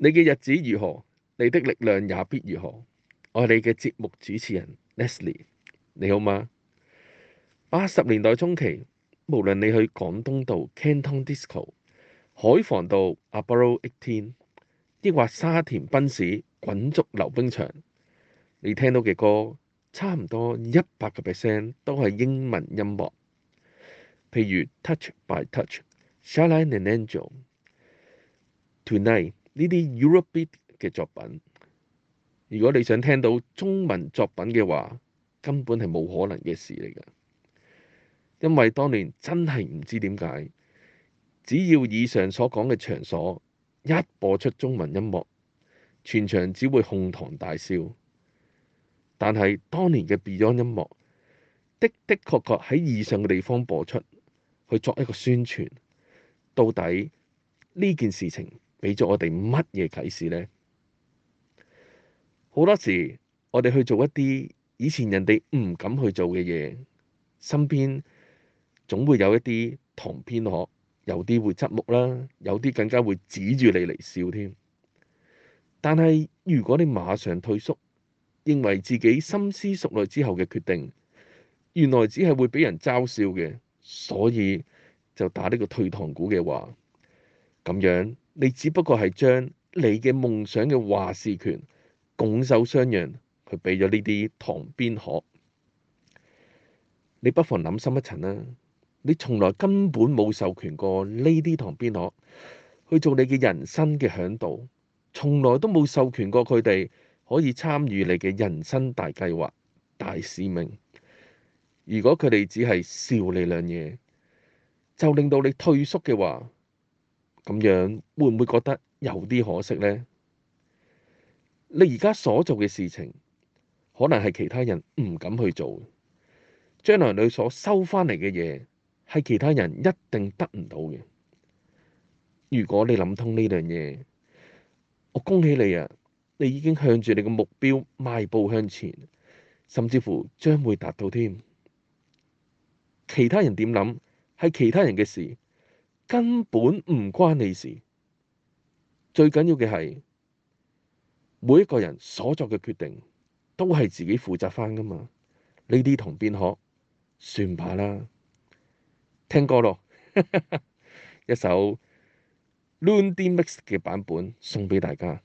你嘅日子如何，你的力量也必如何。我係你嘅節目主持人 Leslie，你好嗎？八十年代中期，無論你去廣東道 Canton Disco、海防道 Apollo Eighteen，抑或沙田奔氏滾軸溜冰場，你聽到嘅歌差唔多一百個 percent 都係英文音樂，譬如 Touch by Touch、Shine an Angel、Tonight。呢啲 Europe 啲嘅作品，如果你想聽到中文作品嘅話，根本係冇可能嘅事嚟㗎。因為當年真係唔知點解，只要以上所講嘅場所一播出中文音樂，全場只會哄堂大笑。但係當年嘅 Beyond 音樂的的確確喺以上嘅地方播出，去作一個宣傳，到底呢件事情，俾咗我哋乜嘢啟示呢？好多時我哋去做一啲以前人哋唔敢去做嘅嘢，身邊總會有一啲同偏學，有啲會側目啦，有啲更加會指住你嚟笑添。但係如果你馬上退縮，認為自己深思熟慮之後嘅決定，原來只係會俾人嘲笑嘅，所以就打呢個退堂鼓嘅話，咁樣。你只不過係將你嘅夢想嘅話事權拱手相讓，去畀咗呢啲塘邊鶴。你不妨諗深一層啦。你從來根本冇授權過呢啲塘邊鶴去做你嘅人生嘅嚮導，從來都冇授權過佢哋可以參與你嘅人生大計劃、大使命。如果佢哋只係笑你兩嘢，就令到你退縮嘅話。咁樣會唔會覺得有啲可惜呢？你而家所做嘅事情，可能係其他人唔敢去做。將來你所收返嚟嘅嘢，係其他人一定得唔到嘅。如果你諗通呢樣嘢，我恭喜你啊！你已經向住你嘅目標邁步向前，甚至乎將會達到添。其他人點諗，係其他人嘅事。根本唔關你事，最緊要嘅係每一個人所作嘅決定都係自己負責返㗎嘛？呢啲同邊學？算吧啦，聽歌咯， 一首 Lundi Mix 嘅版本送畀大家。